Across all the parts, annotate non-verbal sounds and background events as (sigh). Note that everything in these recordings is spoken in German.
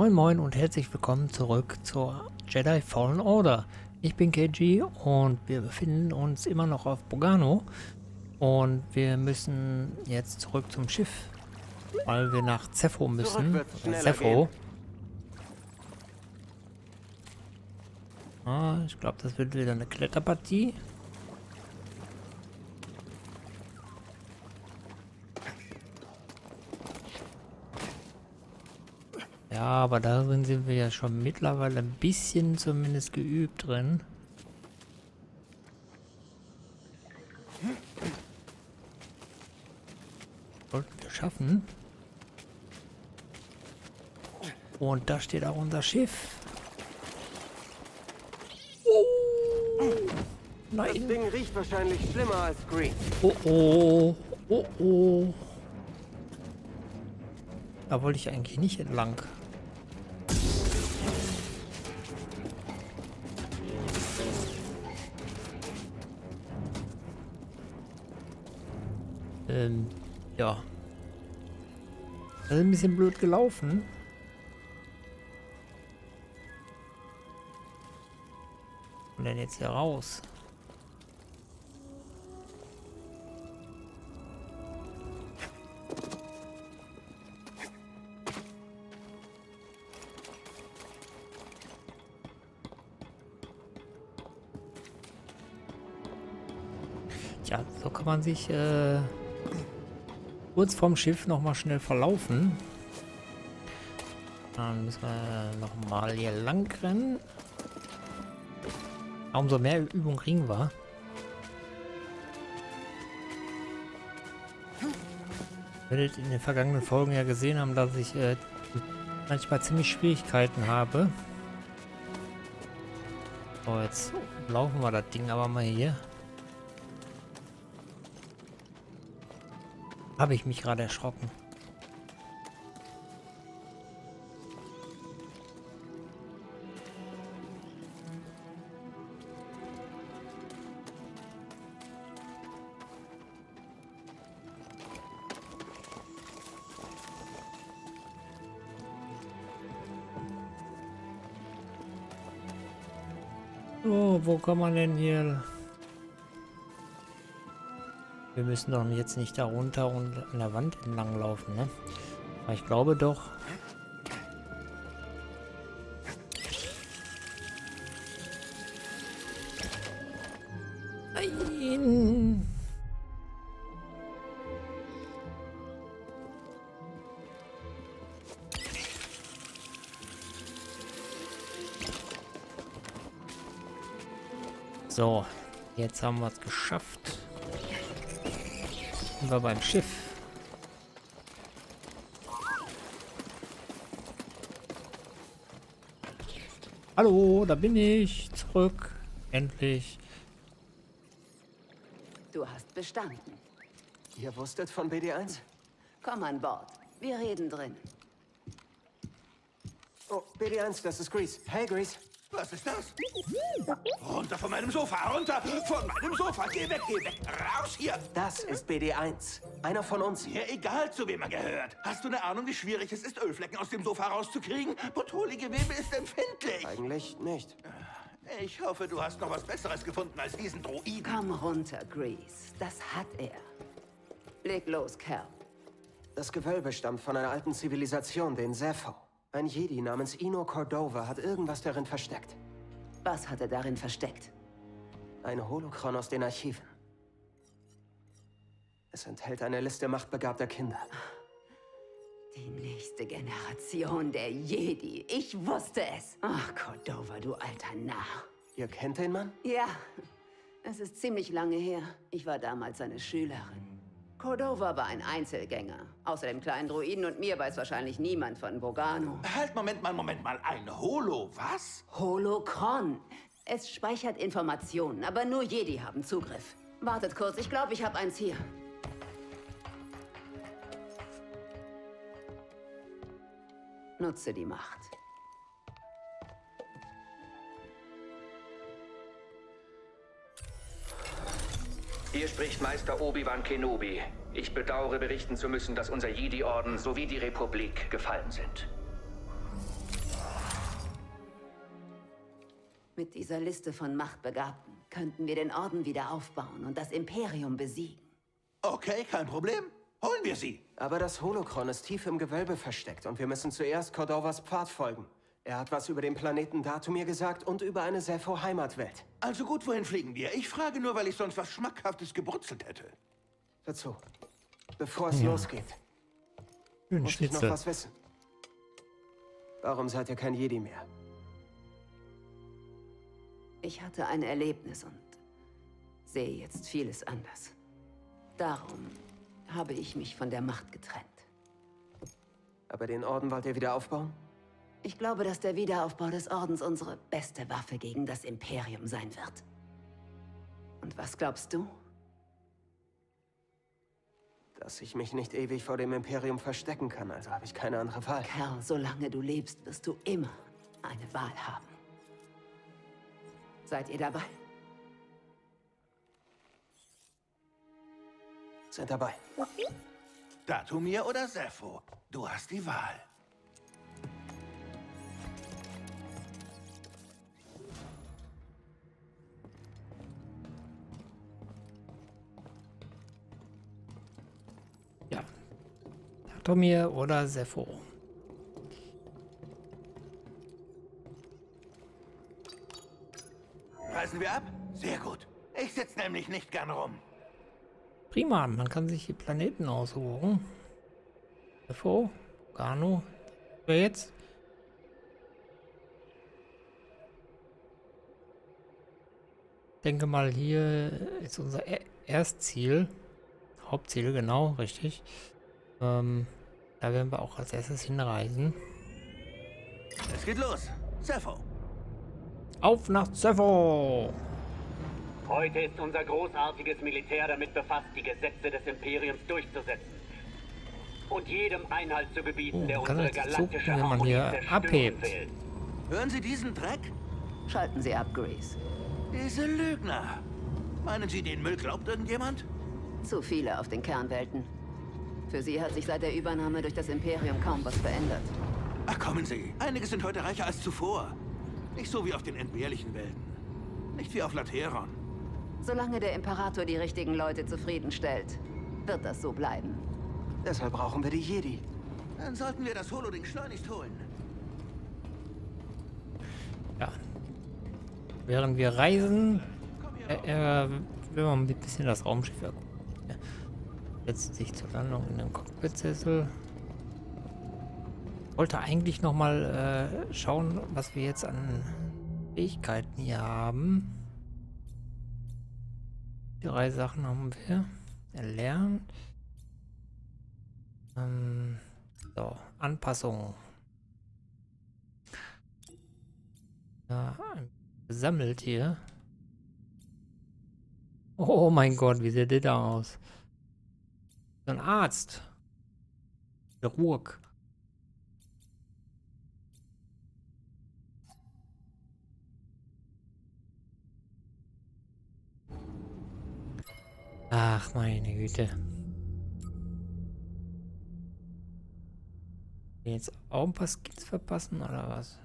Moin Moin und herzlich willkommen zurück zur Jedi Fallen Order. Ich bin KG und wir befinden uns immer noch auf Bogano und wir müssen jetzt zurück zum Schiff, weil wir nach Zepho müssen. Zepho. Ah, ich glaube, das wird wieder eine Kletterpartie. Ja, aber darin sind wir ja schon mittlerweile ein bisschen zumindest geübt drin. Wollten wir schaffen. Und da steht auch unser Schiff. Oh, nein. Das Ding riecht wahrscheinlich schlimmer als Green. Oh oh. Oh oh. oh. Da wollte ich eigentlich nicht entlang. ähm, ja. Das also ist ein bisschen blöd gelaufen. Und dann jetzt hier raus. Ja, so kann man sich äh kurz vorm Schiff nochmal schnell verlaufen. Dann müssen wir nochmal hier lang rennen. Umso mehr Übung kriegen wir. werdet in den vergangenen Folgen ja gesehen haben, dass ich äh, manchmal ziemlich Schwierigkeiten habe. So, jetzt laufen wir das Ding aber mal hier. Habe ich mich gerade erschrocken. So, oh, wo kann man denn hier wir müssen doch jetzt nicht da runter und an der Wand entlang laufen, ne? Aber ich glaube doch. So, jetzt haben wir es geschafft sind wir beim Schiff. Hallo, da bin ich. Zurück. Endlich. Du hast bestanden. Ihr wusstet von BD1? Komm an Bord. Wir reden drin. Oh, BD1, das ist Grease. Hey, Grease. Was ist das? Runter von meinem Sofa, runter von meinem Sofa. Geh weg, geh weg, raus hier. Das ist BD1. Einer von uns. Ja, egal, zu wem er gehört. Hast du eine Ahnung, wie schwierig es ist, Ölflecken aus dem Sofa rauszukriegen? Botoli-Gewebe ist empfindlich. Eigentlich nicht. Äh, ich hoffe, du hast noch was Besseres gefunden als diesen Droiden. Komm runter, Grease. Das hat er. Leg los, Kerl. Das Gewölbe stammt von einer alten Zivilisation, den Sepho. Ein Jedi namens Ino Cordova hat irgendwas darin versteckt. Was hat er darin versteckt? Ein Holokron aus den Archiven. Es enthält eine Liste machtbegabter Kinder. Die nächste Generation der Jedi. Ich wusste es. Ach, Cordova, du alter Narr. Ihr kennt den Mann? Ja. Es ist ziemlich lange her. Ich war damals seine Schülerin. Cordova war ein Einzelgänger. Außer dem kleinen Druiden und mir weiß wahrscheinlich niemand von Vogano. Halt, Moment mal, Moment mal. Ein Holo, was? Holocron. Es speichert Informationen, aber nur Jedi haben Zugriff. Wartet kurz, ich glaube, ich habe eins hier. Nutze die Macht. Hier spricht Meister Obi-Wan Kenobi. Ich bedauere berichten zu müssen, dass unser Jedi-Orden sowie die Republik gefallen sind. Mit dieser Liste von Machtbegabten könnten wir den Orden wieder aufbauen und das Imperium besiegen. Okay, kein Problem. Holen wir sie. Aber das Holokron ist tief im Gewölbe versteckt und wir müssen zuerst Cordovas Pfad folgen. Er hat was über den Planeten Datumir gesagt und über eine Sepho-Heimatwelt. Also gut, wohin fliegen wir? Ich frage nur, weil ich sonst was Schmackhaftes gebrutzelt hätte. Dazu, bevor es ja. Hm. losgeht, Ein muss Schnitzel. ich noch was wissen. Warum seid ihr kein Jedi mehr? Ich hatte ein Erlebnis und sehe jetzt vieles anders. Darum habe ich mich von der Macht getrennt. Aber den Orden wollt ihr wieder aufbauen? Ich glaube, dass der Wiederaufbau des Ordens unsere beste Waffe gegen das Imperium sein wird. Und was glaubst du? Dass ich mich nicht ewig vor dem Imperium verstecken kann, also habe ich keine andere Wahl. Kerl, solange du lebst, wirst du immer eine Wahl haben. Seid ihr dabei? Sind dabei. Okay. Datumir oder Sepho, du hast die Wahl. Nepomir oder Sepho. Reisen wir ab? Sehr gut. Ich sitze nämlich nicht gern rum. Prima, man kann sich die Planeten aussuchen. Sepho, Gano, wer jetzt? denke mal, hier ist unser e-, Erstziel. Hauptziel, genau, richtig. Ähm, da werden wir auch als erstes hinreisen. Es geht los. Sepho. Auf nach Sepho. Heute ist unser großartiges Militär damit befasst, die Gesetze des Imperiums durchzusetzen. Und jedem Einhalt zu gebieten, oh, der unsere galaktische suchen, Harmonie abhebt. Will. Hören Sie diesen Dreck? Schalten Sie ab, Grace. Diese Lügner. Meinen Sie, den Müll glaubt irgendjemand? Zu viele auf den Kernwelten. Für sie hat sich seit der Übernahme durch das Imperium kaum was verändert. Ach, kommen Sie. Einige sind heute reicher als zuvor. Nicht so wie auf den entbehrlichen Welten. Nicht wie auf Lateron. Solange der Imperator die richtigen Leute zufriedenstellt, wird das so bleiben. Deshalb brauchen wir die Jedi. Dann sollten wir das Holoding schleunigst holen. Ja. Während wir reisen, äh, äh, will man ein bisschen das Raumschiff erkunden. Setzt sich zur Landung in den Cockpitsessel. Wollte eigentlich nochmal äh, schauen, was wir jetzt an Fähigkeiten hier haben. Drei Sachen haben wir erlernt. Ähm, so, Anpassung. Ja, gesammelt hier. Oh mein Gott, wie sieht der da aus? Ein Arzt. Der Ruhrk. Ach, meine Güte. Jetzt auch ein paar Skins verpassen oder was?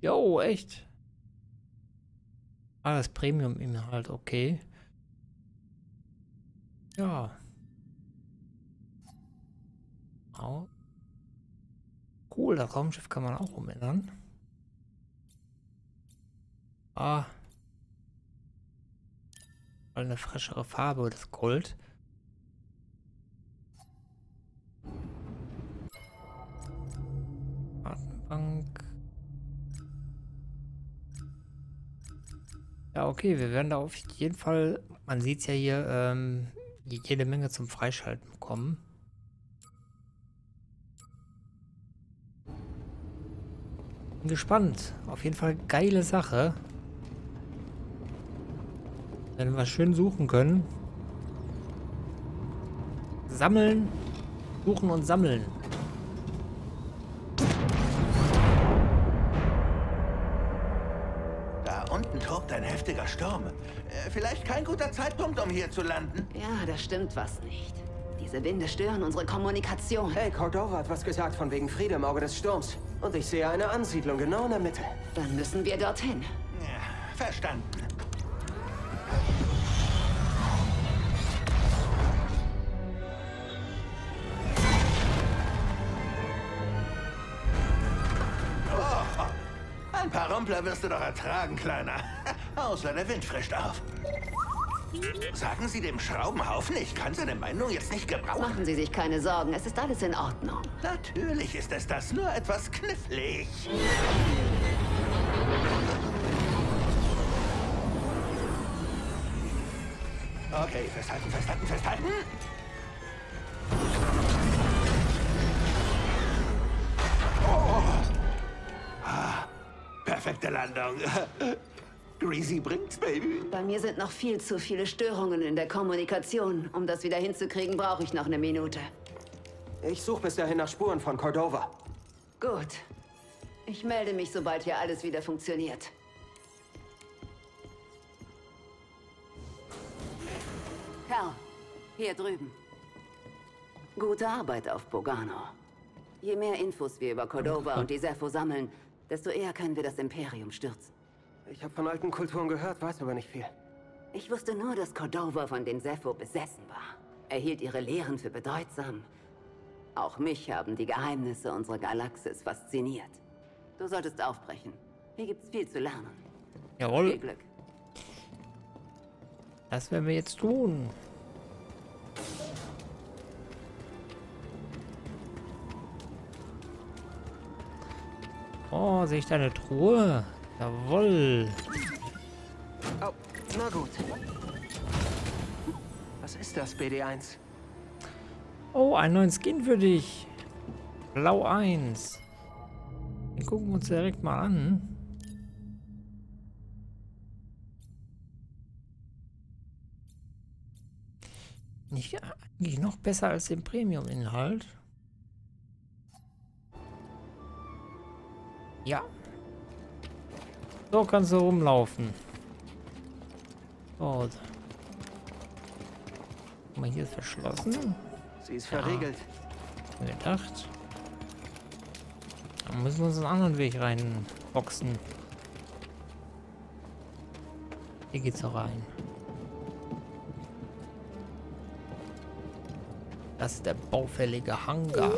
Jo, echt. Ah, das Premium-Inhalt, okay. Ja. Au. Genau. Cool, das Raumschiff kann man auch umändern. Ah. Eine frischere Farbe, das Gold. Datenbank. Ja, okay, wir werden da auf jeden Fall, man sieht es ja hier, ähm, jede Menge zum Freischalten bekommen. Bin gespannt. Auf jeden Fall geile Sache. Wenn wir schön suchen können. Sammeln. Suchen und sammeln. Da unten tobt ein heftiger Sturm. Äh, vielleicht kein guter Zeitpunkt, um hier zu landen. Ja, da stimmt was nicht. Diese Winde stören unsere Kommunikation. Hey, Cordova hat was gesagt von wegen Friede im Auge des Sturms. Und ich sehe eine Ansiedlung genau in der Mitte. Dann müssen wir dorthin. Ja, verstanden. Oh, ein paar Rumpler wirst du doch ertragen, Kleiner. der Wind frischt auf. Sagen Sie dem Schraubenhaufen, ich kann seine Meinung jetzt nicht gebrauchen. Machen Sie sich keine Sorgen, es ist alles in Ordnung. Natürlich ist es das, nur etwas knifflig. Okay, festhalten, festhalten, festhalten. Oh. Ah, perfekte Landung. (laughs) Greasy bringt's, Baby. Bei mir sind noch viel zu viele Störungen in der Kommunikation. Um das wieder hinzukriegen, brauche ich noch eine Minute. Ich suche bis dahin nach Spuren von Cordova. Gut. Ich melde mich, sobald hier alles wieder funktioniert. Karl, hier drüben. Gute Arbeit auf Pogano. Je mehr Infos wir über Cordova und die Sepho sammeln, desto eher können wir das Imperium stürzen. Ich habe von alten Kulturen gehört, weiß aber nicht viel. Ich wusste nur, dass Cordova von den Sepho besessen war. Er hielt ihre Lehren für bedeutsam. Auch mich haben die Geheimnisse unserer Galaxis fasziniert. Du solltest aufbrechen. Hier gibt's viel zu lernen. Jawohl. Viel Glück. Das werden wir jetzt tun. Oh, sehe ich da eine Truhe? Jawoll. Oh, na gut. Was ist das, BD1? Oh, einen neuen Skin für dich. Blau 1. Den gucken wir uns direkt mal an. Nicht eigentlich noch besser als den Premium-Inhalt. Ja, so kannst du rumlaufen. Gut. Guck mal, hier ist verschlossen. Sie ist verriegelt. Ja. Ah, gedacht. Dann müssen wir uns einen anderen Weg reinboxen. Hier geht's auch rein. Das ist der baufällige Hangar.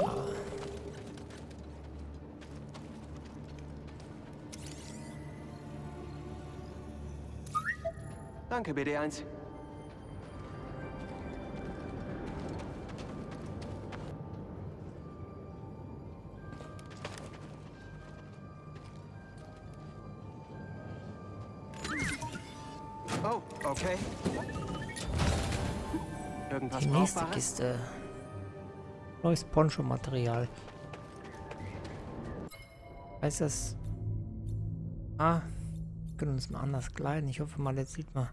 Danke, BD1. Oh, okay. Irgendwas Die nächste Kiste. Neues Poncho-Material. Heißt das... Ah, wir können uns mal anders kleiden. Ich hoffe mal, jetzt sieht man...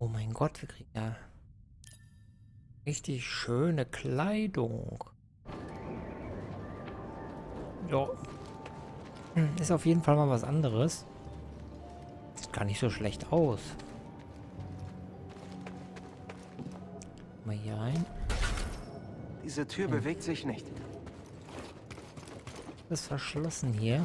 Oh mein Gott, wir kriegen ja richtig schöne Kleidung. Ja. Hm, ist auf jeden Fall mal was anderes. Sieht gar nicht so schlecht aus. Mal hier rein. Diese Tür ja. Hm. bewegt sich nicht. Ist verschlossen hier.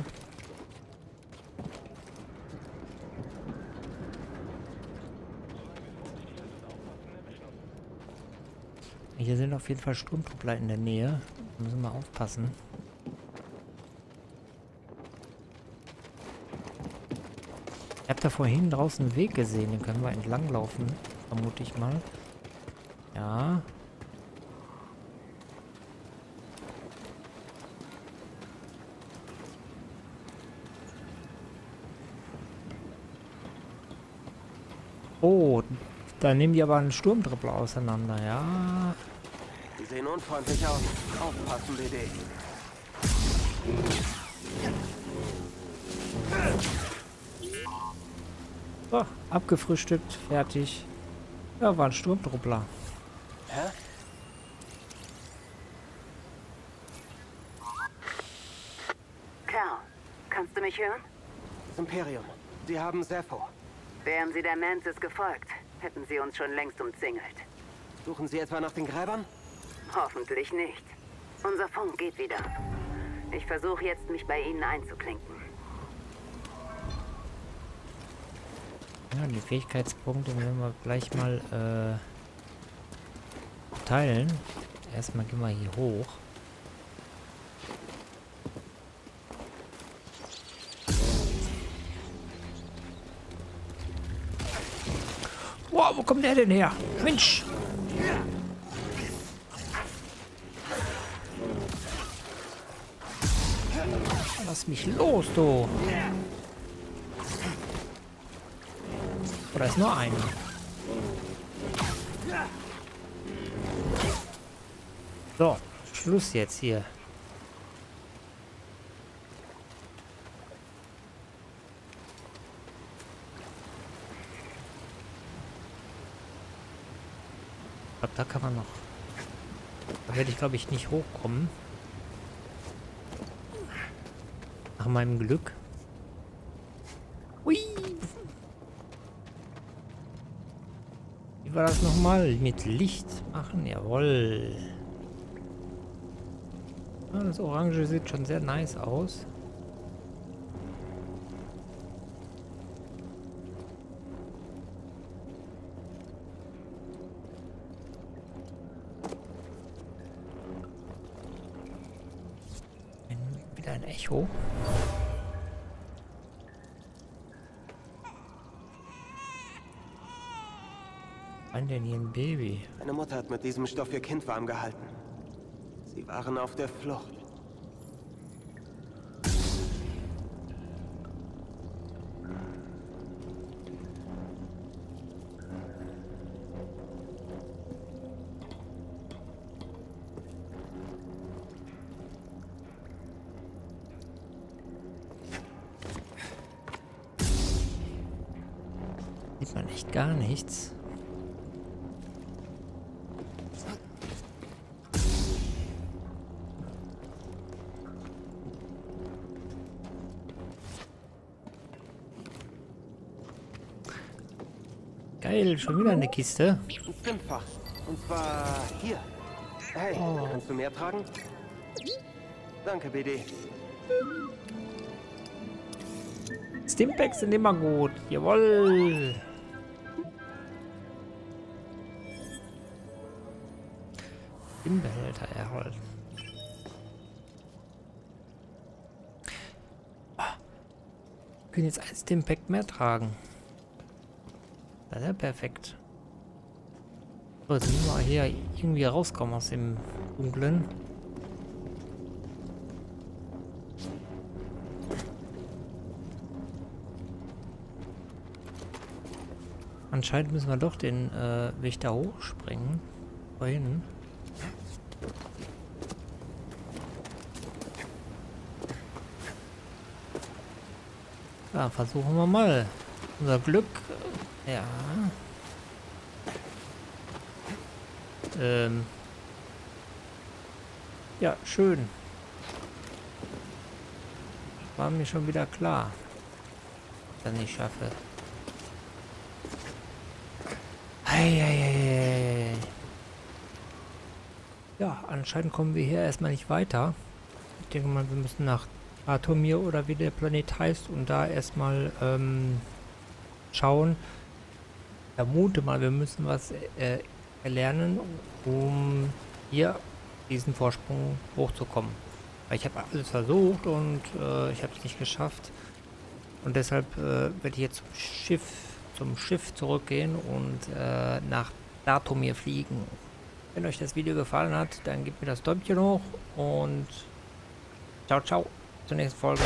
Hier sind auf jeden Fall Sturmtruppler in der Nähe. Da müssen wir aufpassen. Ich habe da vorhin draußen einen Weg gesehen. Den können wir entlanglaufen, vermute ich mal. Ja. Oh, da nehmen die aber einen Sturmtrippler auseinander, ja sehen unfreundlich aus. Aufpassen, BD. So, abgefrühstückt, fertig. Ja, war ein Sturmtruppler. Hä? Kerl, kannst du mich hören? Das Imperium, Sie haben Sepho. Wären Sie der Mantis gefolgt, hätten Sie uns schon längst umzingelt. Suchen Sie etwa nach den Gräbern? Hoffentlich nicht. Unser Funk geht wieder. Ich versuche jetzt, mich bei Ihnen einzuklinken. Ja, die Fähigkeitspunkte werden wir gleich mal äh, teilen. Erstmal gehen wir hier hoch. Wow, wo kommt der denn her? Mensch! Lass mich los, du. Oder ist nur einer? So, Schluss jetzt hier. Ich da kann man noch. Da werde ich, glaube ich, nicht hochkommen. Nach meinem Glück. Ui! Wie war das nochmal? Mit Licht machen? Jawoll. Ah, das Orange sieht schon sehr nice aus. ein Echo? An denn hier ein Baby? Meine Mutter hat mit diesem Stoff ihr Kind warm gehalten. Sie waren auf der Flucht. Sieht man echt gar nichts. Geil, schon wieder eine Kiste. Fünffach. Und zwar hier. Hey, oh. kannst du mehr tragen? Danke, BD. Stimpacks sind immer gut. Jawoll. Inbehälter erhalten. Ah, wir können jetzt eins den Pack mehr tragen. Das ist ja perfekt. So, jetzt müssen wir hier irgendwie rauskommen aus dem Dunklen. Anscheinend müssen wir doch den äh, Weg da hochspringen. Vorhin. Ja, versuchen wir mal. Unser Glück. Ja. Ähm. Ja, schön. War mir schon wieder klar, dass ich schaffe. Eieieiei. Ja, anscheinend kommen wir hier erstmal nicht weiter. Ich denke mal, wir müssen nach Atomir oder wie der Planet heißt und da erstmal ähm, schauen. Ich vermute mal, wir müssen was äh, erlernen, um hier diesen Vorsprung hochzukommen. Weil ich habe alles versucht und äh, ich habe es nicht geschafft. Und deshalb äh, werde ich jetzt zum Schiff, zum Schiff zurückgehen und äh, nach Datumir fliegen. Wenn euch das Video gefallen hat, dann gebt mir das Däumchen hoch und ciao, ciao zur nächsten Folge.